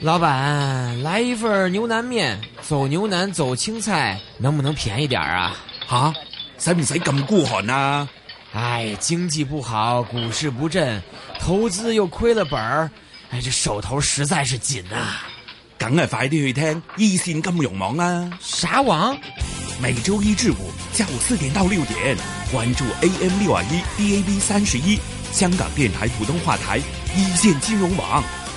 老闆，來一份牛腩麵，走牛腩，走青菜，能不能便宜點啊？啊？使唔使咁孤寒啊？哎，經濟不好，股市不振，投資又虧了本兒，哎，這手頭實在是緊呐，啊。梗係快啲去聽一線金融網啊！啥網王？每周一至五下午四點到六點，關注 AM 六二一 DAB 三十一香港電台普通話台一線金融網。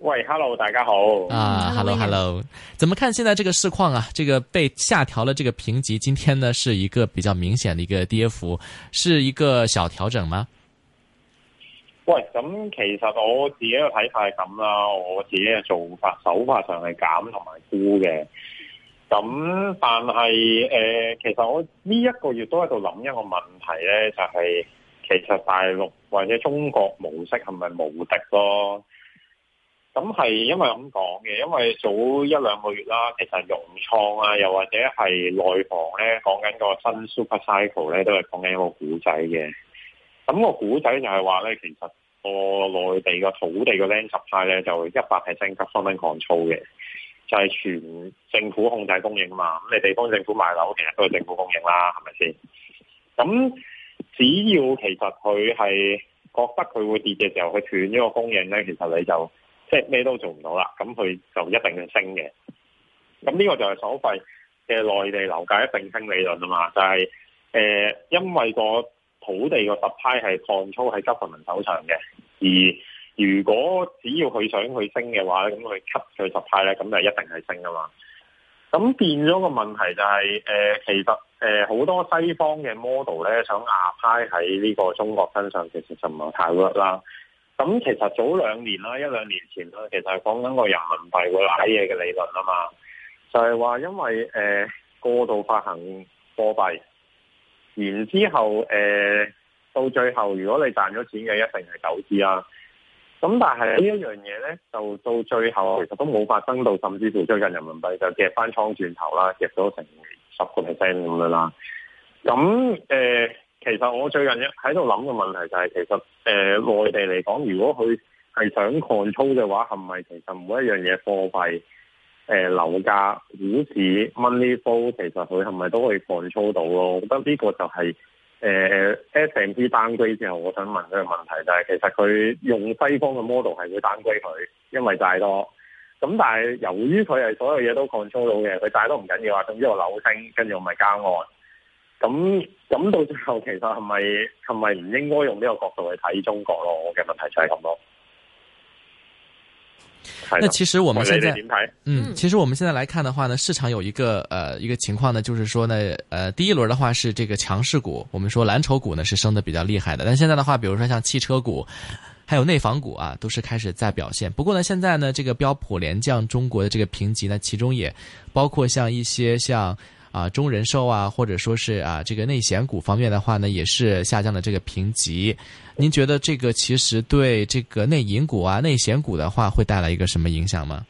喂，Hello，大家好啊，Hello，Hello，Hello. 怎麼看現在這個市況啊？這個被下調了，這個評級，今天呢是一個比較明顯的一個跌幅，是一個小調整嗎？喂，咁、嗯、其實我自己嘅睇法係咁啦，我自己嘅做法手法上係減同埋沽嘅，咁、嗯、但係誒、呃，其實我呢一個月都喺度諗一個問題咧，就係、是、其實大陸或者中國模式係咪無敵咯？咁係因為咁講嘅，因為早一兩個月啦，其實融創啊，又或者係內房咧，講緊個新 Super Cycle 咧，都係講緊一個故仔嘅。咁、那個故仔就係話咧，其實個內地個土地個 land 十派咧，就一百係升級，分分鐘狂燥嘅。就係、是、全政府控制供應啊嘛，咁你地方政府買樓，其實都係政府供應啦，係咪先？咁只要其實佢係覺得佢會跌嘅時候，佢斷咗個供應咧，其實你就～即係咩都做唔到啦，咁佢就一定係升嘅。咁呢個就係所謂嘅內地樓價一定升理論啊嘛，就係、是、誒、呃，因為個土地個審批係抗粗喺 government 手上嘅。而如果只要佢想去升嘅話咧，咁佢吸佢審批咧，咁就一定係升噶嘛。咁變咗個問題就係、是、誒、呃，其實誒好、呃、多西方嘅 model 咧，想 apply 喺呢個中國身上，其實就唔太 work 啦。咁其實早兩年啦，一兩年前啦，其實係講緊個人民幣會攋嘢嘅理論啊嘛，就係、是、話因為誒、呃、過度發行貨幣，然之後誒、呃、到最後，如果你賺咗錢嘅，一定係走資啦。咁但係呢一樣嘢咧，就到最後其實都冇發生到，甚至乎最近人民幣就跌翻倉轉頭啦，跌咗成十個 percent 咁樣啦。咁誒、呃其實我最近喺度諗嘅問題就係、是，其實誒、呃、內地嚟講，如果佢係想 control 嘅話，係咪其實每一樣嘢貨幣、誒、呃、樓價、股市、money flow，其實佢係咪都可以 control 到咯？我覺得呢個就係、是、誒、呃、S&P downgrade 之後，我想問佢嘅問題就係、是，其實佢用西方嘅 model 係會 downgrade 佢，因為債多。咁但係由於佢係所有嘢都 control 到嘅，佢債多唔緊要啊，總之我樓升，跟住我咪加按。咁咁到最後，其實係咪係咪唔應該用呢個角度去睇中國咯？我嘅問題就係咁多。係的。那其實我們現在嗯，其實我們現在來看的話呢，市場有一個呃一個情況呢，就是說呢，呃第一輪的話是這個強勢股，我們說藍籌股呢是升得比較厲害的。但現在的話，比如說像汽車股，還有內房股啊，都是開始在表現。不過呢，現在呢，這個標普連降中國的這個評級呢，其中也包括像一些像。啊，中人壽啊，或者說是啊，這個內險股方面的話呢，也是下降了這個評級。您覺得這個其實對這個內銀股啊、內險股的話，會帶來一個什麼影響嗎？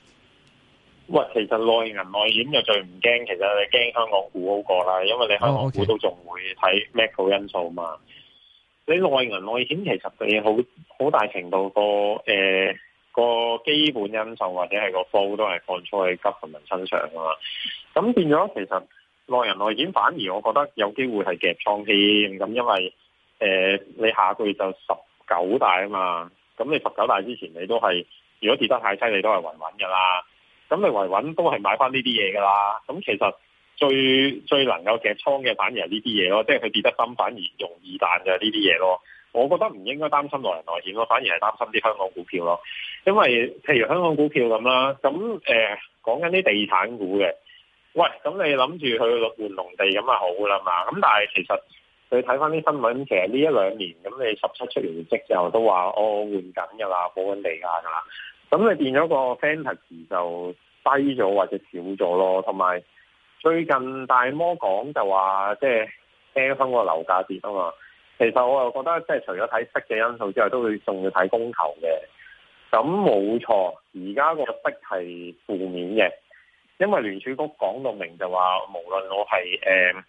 喂，其實內銀內險就最唔驚，其實你驚香港股好過啦，因為你香港股都仲會睇 macro 因素嘛。哦 okay。你內銀內險其實你好好大程度個誒、呃、個基本因素或者係個 fall 都係放出去急市民身上噶嘛。咁變咗其實。內人內險反而，我覺得有機會係夾倉添咁，因為誒、呃、你下個月就十九大啊嘛，咁你十九大之前你都係，如果跌得太犀利都係維穩噶啦，咁你維穩都係買翻呢啲嘢噶啦，咁其實最最能夠夾倉嘅反而係呢啲嘢咯，即係佢跌得深反而容易彈嘅呢啲嘢咯。我覺得唔應該擔心內人內險咯，反而係擔心啲香港股票咯，因為譬如香港股票咁啦，咁誒、呃、講緊啲地產股嘅。喂，咁你諗住去換農地咁啊好啦嘛，咁但係其實你睇翻啲新聞，其實呢一兩年咁你十七出完業績之後都話、哦、我換緊噶啦，補緊地價噶啦，咁你變咗個 fantasy 就低咗或者少咗咯，同埋最近大摩講就話即係 a i 個樓價跌啊嘛，其實我又覺得即係、就是、除咗睇息嘅因素之外，都會仲要睇供求嘅。咁冇錯，而家個息係負面嘅。因為聯儲局講到明就話，無論我係誒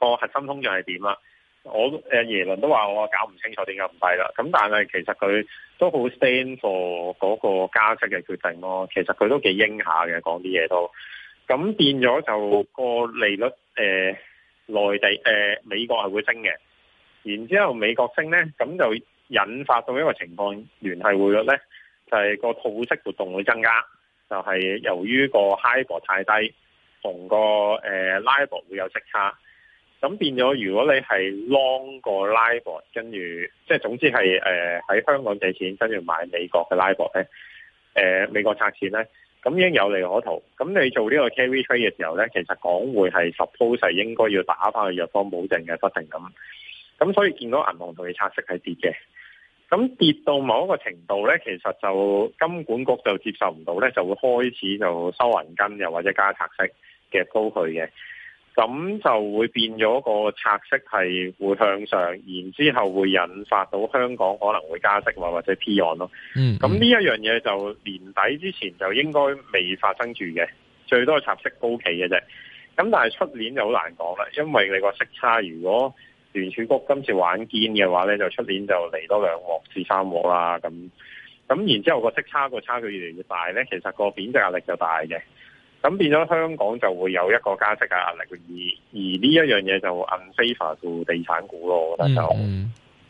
個核心通脹係點啦，我誒耶倫都話我搞唔清楚點解咁低啦。咁但係其實佢都好 stand for 嗰個加息嘅決定咯。其實佢都幾鷹下嘅，講啲嘢都。咁變咗就個利率誒內、呃、地誒、呃、美國係會升嘅。然之後美國升咧，咁就引發到一、就是、個情況，聯繫匯率咧就係個套息活動會增加。就係由於個 high 博太低，同、那個誒 low 博會有色差，咁變咗如果你係 long 個 low 博，跟住即係總之係喺、呃、香港借錢，跟住買美國嘅 low 博咧，誒、呃、美國拆錢咧，咁應有嚟可圖。咁你做呢個 KV trade 嘅時候咧，其實港匯係十 u p p o s e 應該要打返去藥方保證嘅，不一定咁。咁所以見到銀行同佢差息係別嘅。咁跌到某一個程度咧，其實就金管局就接受唔到咧，就會開始就收銀根，又或者加拆息嘅高佢嘅，咁就會變咗個拆息係會向上，然之後會引發到香港可能會加息喎或者 P 按咯。嗯，嗯，咁呢一樣嘢就年底之前就應該未發生住嘅，最多係拆息高企嘅啫。咁但係出年就好難講啦，因為你個息差如果。聯儲局今次玩堅嘅話咧，就出年就嚟多兩鑊至三鑊啦。咁咁然之後個息差個差距越嚟越大咧，其實個貶值壓力就大嘅。咁變咗香港就會有一個加息嘅壓力，而而呢一樣嘢就 unfavor 做地產股咯。我覺得就。嗯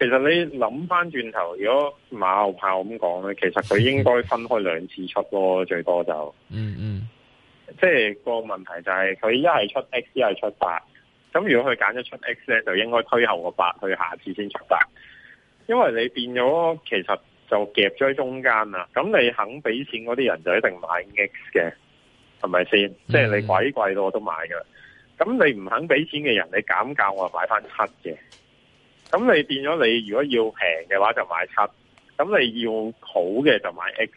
其實你諗翻轉頭，如果馬後炮咁講咧，其實佢應該分開兩次出咯，最多就，嗯嗯、mm，hmm. 即係個問題就係佢一係出 X 一係出八，咁如果佢揀咗出 X 咧，就應該推後個八去下次先出八。因為你變咗其實就夾咗喺中間啦，咁你肯俾錢嗰啲人就一定買 X 嘅，係咪先？Mm hmm. 即係你鬼貴到我都買噶，咁你唔肯俾錢嘅人，你減價我咪買翻七嘅。咁你變咗你如果要平嘅話就買七，咁你要好嘅就買 X，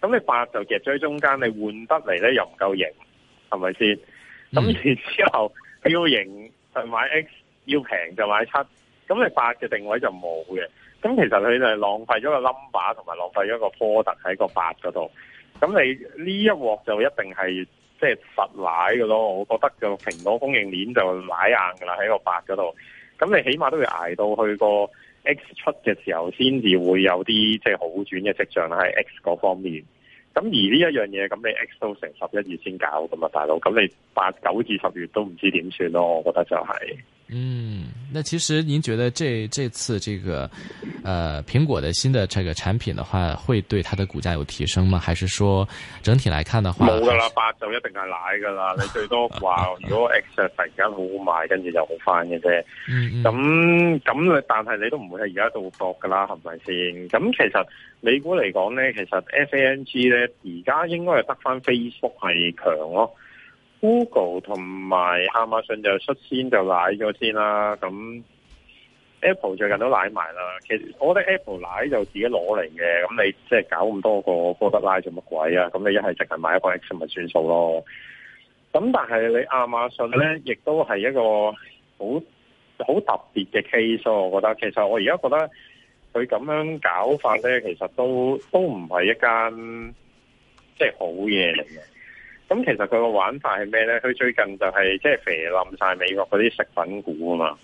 咁你八就夾咗喺中間，你換得嚟咧又唔夠型，係咪先？咁 然之後要型就買 X，要平就買七，咁你八嘅定位就冇嘅。咁其實佢就係浪費咗個 number 同埋浪費咗個 product 喺個八嗰度。咁你呢一鑊就一定係即係實奶嘅咯。我覺得個蘋果供應鏈就奶硬噶啦喺個八嗰度。咁你起碼都要捱到去個 X 出嘅時候，先至會有啲即係好轉嘅跡象喇喺 X 嗰方面。咁而呢一樣嘢，咁你 X 都成十一月先搞咁啊，大佬。咁你八九至十月都唔知點算咯，我覺得就係。嗯，那其實您覺得這這次這個，呃，蘋果的新的這個產品的話，會對它的股價有提升嗎？還是說整體來看的話，冇噶啦，八就一定係奶噶啦， 你最多話如果 X 突然間好好賣，跟住 就好翻嘅啫。咁咁、嗯嗯，但係你都唔會喺而家度搏噶啦，係咪先？咁其實美股嚟講咧，其實 FANG 咧，而家應該係得翻 Facebook 係強咯。Google 同埋亞馬遜就率先就先就奶咗先啦，咁 Apple 最近都奶埋啦。其實我覺得 Apple 奶就自己攞嚟嘅，咁你即係搞咁多個，波得拉做乜鬼啊？咁你一係淨係買一個 X 咪算數咯？咁但係你亞馬遜咧，亦都係一個好好特別嘅 case 咯、啊。我覺得其實我而家覺得佢咁樣搞法咧，其實都都唔係一間即係好嘢嚟嘅。咁其實佢個玩法係咩咧？佢最近就係即係肥冧曬美國嗰啲食品股啊嘛，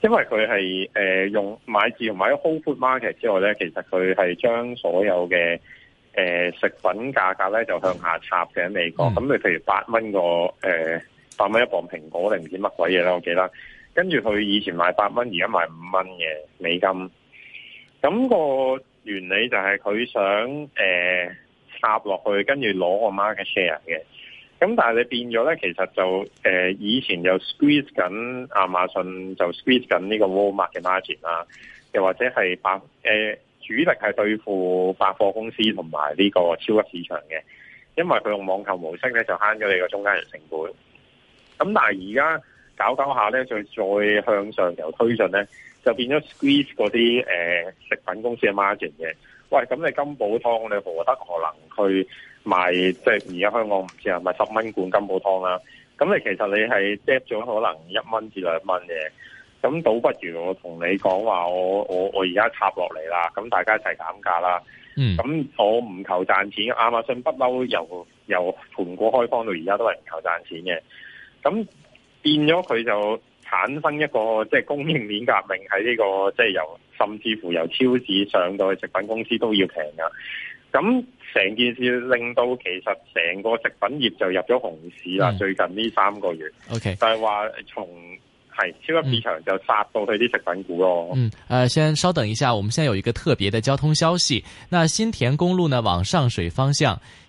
因為佢係、呃、用買字用 Whole Food Market 之外咧，其實佢係將所有嘅、呃、食品價格咧就向下插嘅喺美國。咁你譬如八蚊個八蚊、呃、一磅蘋果定唔知乜鬼嘢啦，我記得。跟住佢以前賣八蚊，而家賣五蚊嘅美金。咁、嗰個原理就係佢想、呃搭落去，跟住攞個 market share 嘅。咁但係你變咗咧，其實就誒、呃、以前就 squeeze 緊亞馬遜，就 squeeze 緊呢個 r 馬 Walmart 嘅 margin 啦。又或者係百誒主力係對付百貨公司同埋呢個超級市場嘅，因為佢用網購模式咧就慳咗你個中間人成本。咁但係而家搞搞下咧，再再向上又推進咧，就變咗 squeeze 嗰啲食品公司嘅 margin 嘅。喂，咁你金寶湯你何德何能去賣？即係而家香港唔知係咪十蚊罐金寶湯啦。咁你其實你係 t 咗可能一蚊至兩蚊嘅。咁倒不如我同你講話，我我我而家插落嚟啦。咁大家一齊減價啦。嗯。咁我唔求賺錢。亞馬遜不嬲，由由盤古開放到而家都係唔求賺錢嘅。咁變咗佢就。產生一個即係供應鏈革命喺呢、這個即係由甚至乎由超市上到去食品公司都要平噶，咁成件事令到其實成個食品業就入咗熊市啦。嗯、最近呢三個月，OK，就係話從係超級市場就殺到去啲食品股咯。嗯，誒、呃，先稍等一下，我們現在有一個特別的交通消息。那新田公路呢，往上水方向。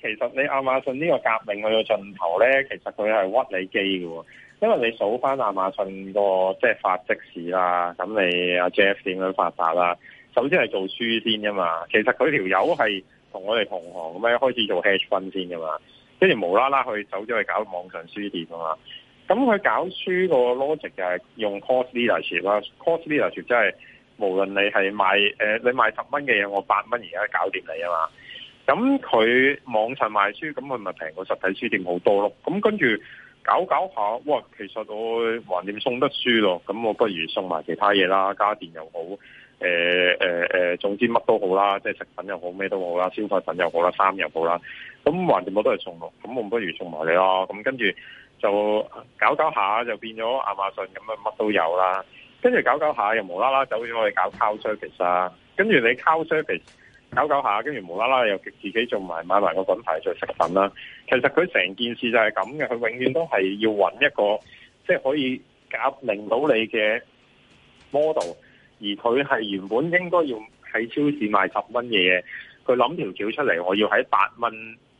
其實你亞馬遜呢個革命去到盡頭咧，其實佢係屈你機嘅，因為你數返亞馬遜個即係發即時啦，咁你阿、啊、Jeff 點樣發達啦？首先係做書先㗎嘛，其實佢條友係同我哋同行咁樣，開始做 hedge fund 先㗎嘛，跟住無啦啦去走咗去搞網上書店啊嘛，咁佢搞書個 logic 就係用 cost leadership 啦，cost leadership 即係無論你係賣誒，你賣十蚊嘅嘢，我八蚊而家搞掂你啊嘛。咁佢、嗯、網上賣書，咁佢咪平過實體書店好多咯？咁跟住搞搞下，哇！其實我橫掂送得書咯，咁我不如送埋其他嘢啦，家電又好，誒誒誒，總之乜都好啦，即係食品又好，咩都好啦，鮮菜粉又好啦，衫又好啦，咁橫掂我都係送咯，咁我不如送埋你咯，咁跟住就搞搞下就變咗亞馬遜咁啊乜都有啦，跟住搞搞下又無啦啦走咗去搞 car service 啦，跟住你 car service。搞搞下，跟住無啦啦又自己做埋買埋個品牌再食品啦。其實佢成件事就係咁嘅，佢永遠都係要揾一個即係、就是、可以夾令到你嘅 model，而佢係原本應該要喺超市賣十蚊嘢，佢諗條橋出嚟，我要喺八蚊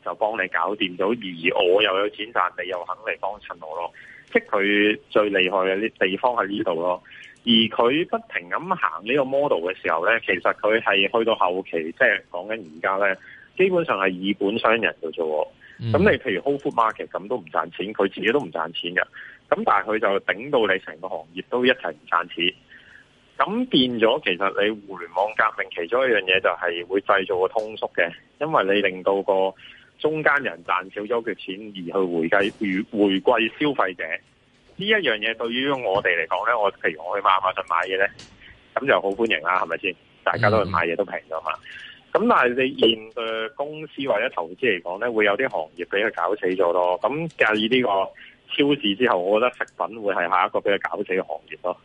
就幫你搞掂到，而我又有錢賺，你又肯嚟幫襯我咯。即係佢最厲害嘅啲地方喺呢度咯。而佢不停咁行呢個 model 嘅時候呢，其實佢係去到後期，即係講緊而家呢，基本上係以本商人嘅啫。咁、嗯、你譬如 Whole Food Market 咁都唔賺錢，佢自己都唔賺錢嘅。咁但係佢就頂到你成個行業都一齊唔賺錢。咁變咗，其實你互聯網革命其中一樣嘢就係會製造個通縮嘅，因為你令到個中間人賺少咗嘅錢而去回饋回回饋消費者。呢一樣嘢對於我哋嚟講咧，我譬如我去馬馬特買嘢咧，咁就好歡迎啦，係咪先？大家都去買嘢都平咗嘛。咁、嗯、但係你面對公司或者投資嚟講咧，會有啲行業俾佢搞死咗咯。咁介意呢個超市之後，我覺得食品會係下一個俾佢搞死嘅行業咯。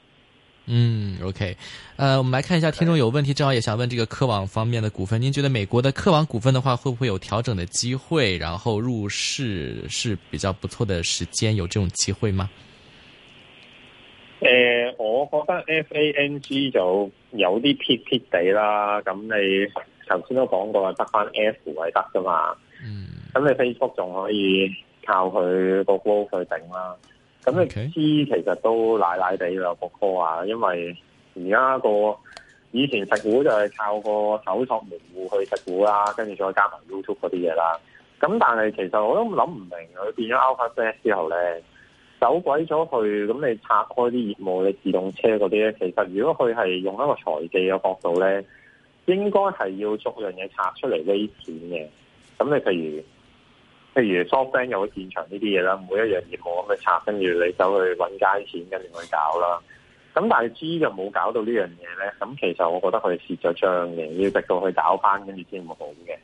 嗯，OK，呃、uh，我們來看一下聽眾有問題，是正好也想問這個科網方面的股份。您覺得美國的科網股份的話，會不會有調整的機會？然後入市是比較不錯的時間，有這種機會嗎？誒、呃，我覺得 FANG 就有啲撇撇地啦。咁你頭先都講過，得翻 F 係得噶嘛。嗯。咁你 Facebook 仲可以靠佢個 w 去頂啦。咁 Okay. 你知其實都奶奶地有個波啊，因為而家個以前食股就係靠個搜索門戶去食股啦，跟住再加埋 YouTube 嗰啲嘢啦。咁但係其實我都諗唔明，佢變咗 Alphabet 之後咧。走鬼咗去，咁你拆開啲業務你自動車嗰啲咧，其實如果佢係用一個財技嘅角度咧，應該係要逐樣嘢拆出嚟呢啲錢嘅。咁你譬如譬如 softbank 有好擅長呢啲嘢啦，每一樣業務咁去拆，跟住你走去揾街錢，跟住去搞啦。咁但係知就冇搞到這件事呢樣嘢咧，咁其實我覺得佢係蝕咗張嘅，要直到去搞翻，跟住先會好嘅。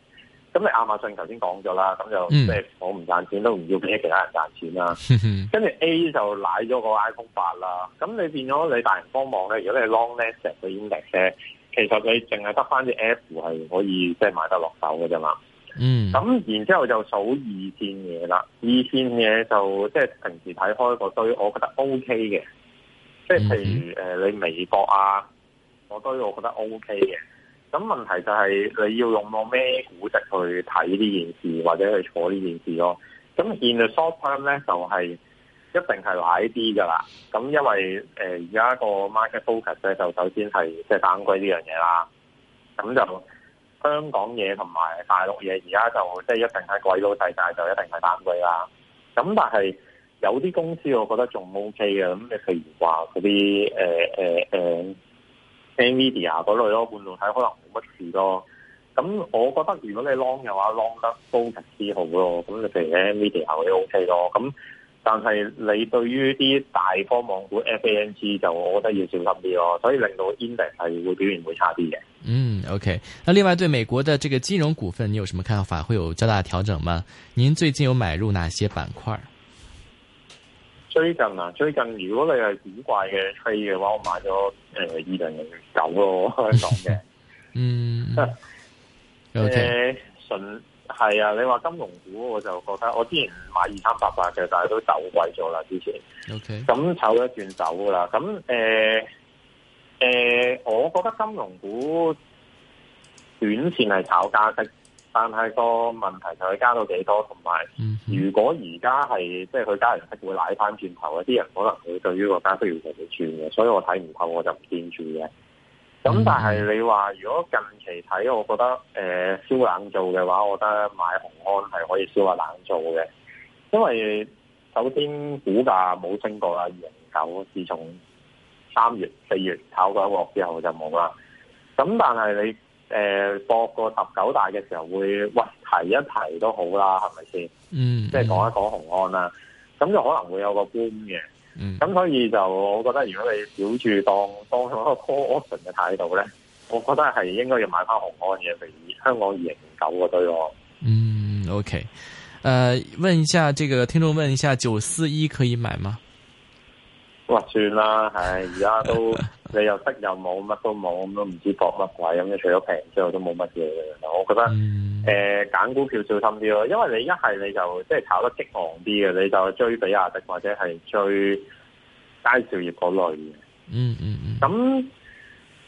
咁你亞馬遜頭先講咗啦，咁就即係、嗯、我唔賺錢都唔要畀其他人賺錢啦。跟住 A 就攋咗個 iPhone 八啦，咁你變咗你大人包網咧，如果你 long lasting 嘅 index 咧，Net，其實你淨係得翻啲 app 係可以即係、就是、買得落手嘅啫嘛。嗯，咁然之後就數二線嘢啦，二線嘢就即係、就是、平時睇開個堆，我覺得 OK 嘅，即、就、係、是、譬如、嗯呃、你微博啊，個堆我覺得 OK 嘅。咁問題就係你要用到咩估值去睇呢件事，或者去坐呢件事咯。咁、就是呃、現在 short term 咧就係一定係話呢啲噶啦。咁因為而家個 market focus 咧就首先係即係打鬼呢樣嘢啦。咁就香港嘢同埋大陸嘢而家就即係、就是、一定係貴到世界就一定係打鬼啦。咁但係有啲公司我覺得仲 OK 嘅。咁你譬如話嗰啲 Media 嗰類咯，半導體可能冇乜事咯。咁我覺得如果你 long 嘅話，long 得高質啲好咯。咁你譬如咧 media 都 OK 咯。咁但係你對於啲大科網股 FAANG 就我覺得要小心啲咯。所以令到 index 係會表現會差啲嘅。嗯，OK。那另外對美國嘅這個金融股份，你有什麼看法？會有較大調整嗎？您最近有買入哪些板塊？最近啊，最近如果你係短怪嘅飛嘅話，我買咗誒二零零九咯，香港嘅。2, 3, 5, 的 嗯。誒、呃，純係 Okay. 啊，你話金融股，我就覺得我之前買二三八八嘅，但係都走貴咗啦，之前。O K。咁炒咗一段走噶啦，咁、嗯、誒，誒、呃呃，我覺得金融股短線係炒加息。但係個問題就係加到幾多，同埋如果而家係即係佢加息會拉翻轉頭，一啲人可能會對於個加息要嚟啲轉嘅，所以我睇唔透，我就唔堅住嘅。咁但係你話如果近期睇，我覺得誒、呃、燒冷灶嘅話，我覺得買宏安係可以燒下冷灶嘅，因為首先股價冇升過啦，二零九自從三月四月炒過一鑊之後就冇啦。咁但係你。誒，博、呃、個十九大嘅時候會提一提都好啦，係咪先？嗯，即係講一講紅安啦，咁、嗯、就可能會有個官嘅嗯，咁所以就我覺得，如果你小住當當一個 call option 嘅態度咧，我覺得係應該要買翻紅安嘅，譬如香港二零九個對我。嗯，OK，誒、呃，問一下，這個聽眾問一下，九四一可以買嗎？哇！算啦，係而家都 你又得又冇，乜都冇，咁都唔知搏乜鬼咁。除咗平之後都冇乜嘢。我覺得誒揀、嗯呃、股票小心啲咯，因為你一係你就即係炒得激昂啲嘅，你就追比亞迪或者係追佳兆業嗰類嘅、嗯。嗯嗯嗯。咁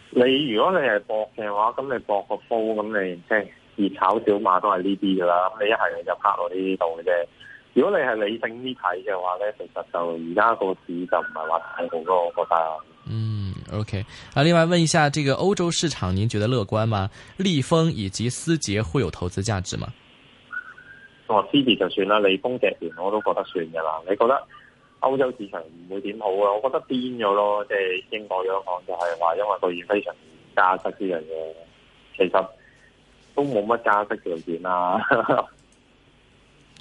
你如果你係搏嘅話，咁你搏個煲，咁你即係熱炒小馬都係呢啲噶啦。咁你一係你就拍落呢度嘅啫。如果你係理性啲睇嘅話咧，其實就而家個市就唔係話太好咯，我覺得。嗯，OK。啊，另外問一下，這個歐洲市場，您覺得樂觀嗎？利豐以及思捷會有投資價值嗎？我，思捷就算啦，利豐集團我都覺得算嘅啦。你覺得歐洲市場唔會點好啊？我覺得癲咗咯，即係英國央行就係話，因為對現非常加息呢樣嘢，其實都冇乜加息條件啦。嗯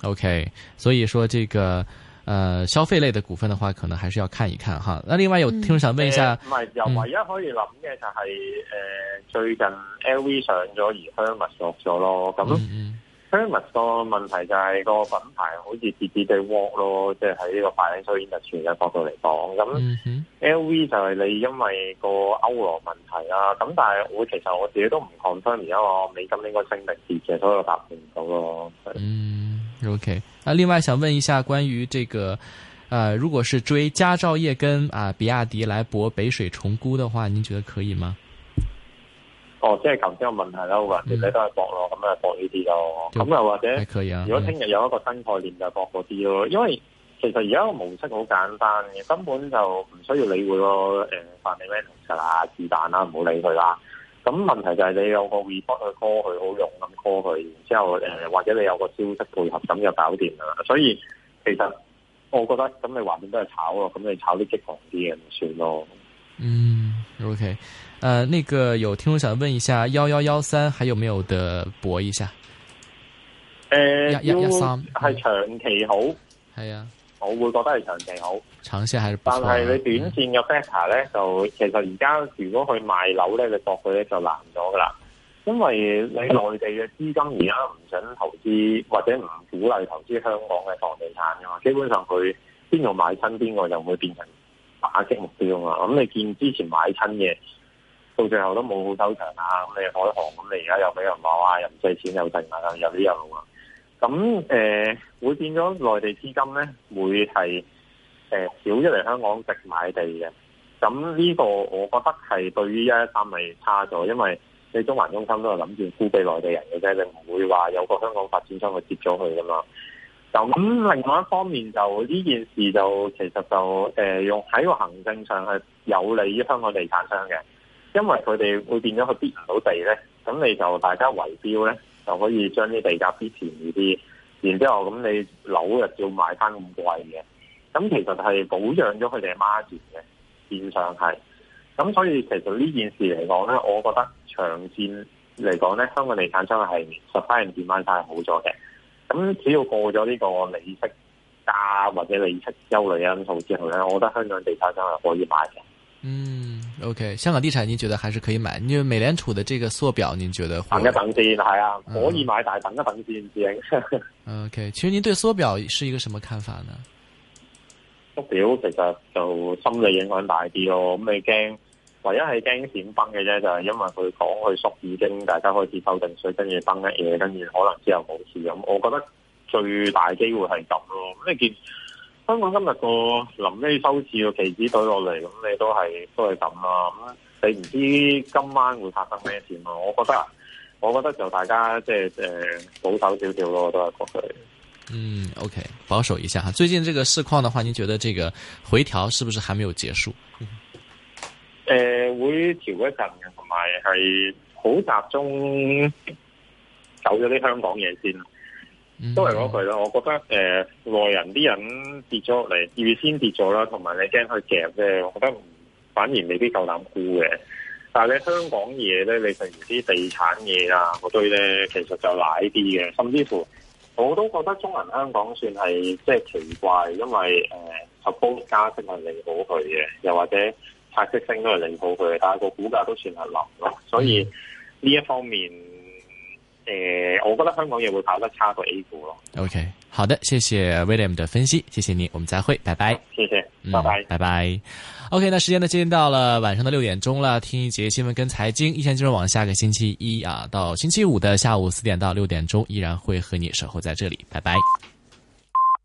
O、okay, K，所以說這個，呃，消費類的股份的話，可能還是要看一看哈。那、啊、另外有聽眾想問一下，唔係、嗯，呃、由唯一可以諗嘅就係、是，誒、嗯呃，最近 L V 上咗而 Hermès 落咗咯。咁、嗯，Hermès 個問題就係、是嗯、個品牌好似跌跌地窩咯，即係喺呢個出零日全嘅角度嚟講。咁、嗯、L V 就係你因為個歐羅問題啦、啊。咁但係我其實我自己都唔抗衰，而家我美金應該升定跌嘅，所以我答唔到咯。嗯 O.K.，那、啊、另外想問一下關於這個，呃，如果是追佳兆業跟啊、呃、比亞迪來搏北水重估的話，您覺得可以嗎？哦，即係頭先個問題啦，或者你都係搏咯，咁啊搏呢啲咯，咁又或者如果聽日有一個新概念就搏嗰啲咯，因為其實而家個模式好簡單嘅，根本就唔需要理會咯，誒、呃，范美威同事啊，子彈啦，唔好理佢啦。咁問題就係你有個 report 去 call 佢，好用咁 call 佢，然之後誒、呃、或者你有個消息配合咁就搞掂啦。所以其實我覺得咁你話面都係炒咯，咁你炒啲激紅啲嘅算咯。嗯，OK，誒、呃，那個有聽眾，我想問一下，幺幺幺三還有沒有得搏一下？誒、呃、，幺幺幺三係長期好？係啊、哎。我會覺得係長期好，長期係、啊，但係你短線嘅 factor 咧，嗯、就其實而家如果去賣樓咧，你搏佢咧就難咗噶啦。因為你內地嘅資金而家唔想投資或者唔鼓勵投資香港嘅房地產噶嘛，基本上佢邊度買親邊個就會變成打擊目標啊！咁你見之前買親嘅，到最後都冇好收場啊！咁你海航咁，你而家又俾人攞啊，又唔借錢又剩啊，又呢又咁誒、呃、會變咗，內地資金咧會係誒少咗嚟香港直買地嘅。咁呢個我覺得係對於一一三咪差咗，因為你中環中心都係諗住呼畀內地人嘅啫，你唔會話有個香港發展商去接咗佢噶嘛。咁另外一方面就呢件事就其實就誒、呃、用喺個行政上係有利於香港地產商嘅，因為佢哋會變咗去 bid 唔到地咧，咁你就大家圍標咧。就可以將啲地價便宜啲，然之後咁你樓又照買翻咁貴嘅，咁其實係保障咗佢哋嘅 m a r 媽住嘅變相。係，咁所以其實呢件事嚟講咧，我覺得長線嚟講咧，香港地產商係十分人變翻曬好咗嘅，咁只要過咗呢個利息加或者利息憂慮因素之後咧，我覺得香港地產商係可以買嘅。嗯，OK，香港地產，你覺得還是可以買？因為美聯儲的這個縮表，你覺得會點？等一等先係啊，可以買大、嗯、等一等先先。 OK，其實你對縮表是一個什麼看法呢？縮表其實就心理影響大啲咯，咁你驚，唯一係驚閃崩嘅啫，就係、是、因為佢講佢縮已經，大家開始收定水，跟住崩一嘢，跟住可能之後冇事咁、嗯。我覺得最大機會係咁咯，咁你見。香港今日個臨尾收市個期指對落嚟，咁、嗯、你都係都係咁啦。咁、嗯、你唔知道今晚會發生咩事咯？我覺得，我覺得就大家即係誒保守少少咯，都係過去。嗯，OK，保守一下哈。最近這個市況的話，你覺得這個回調是不是還沒有結束？誒、嗯、呃，會調一陣同埋係好集中走咗啲香港嘢先。都係嗰句啦，我覺得誒、呃、外人啲人跌咗落嚟，預先跌咗啦，同埋你驚佢夾啫，我覺得反而未必夠膽估嘅。但係你香港嘢咧，你就唔知地產嘢啊嗰堆咧，其實就瀨啲嘅。甚至乎我都覺得中銀香港算係即係奇怪，因為誒合報加息係利好佢嘅，又或者拆息升都係利好佢嘅，但係個股價都算係冧咯。所以呢以一方面。呃、我覺得香港也會跑得差過 A 股咯。OK，好的，謝謝 William 的分析，謝謝你，我們再會，拜拜。謝謝，嗯、拜拜，拜拜。OK，那時間呢，接近到了晚上的六點鐘啦，聽一節新聞跟財經，一線金融網下個星期一啊到星期五的下午四點到六點鐘，依然會和你守候在這裏，拜拜。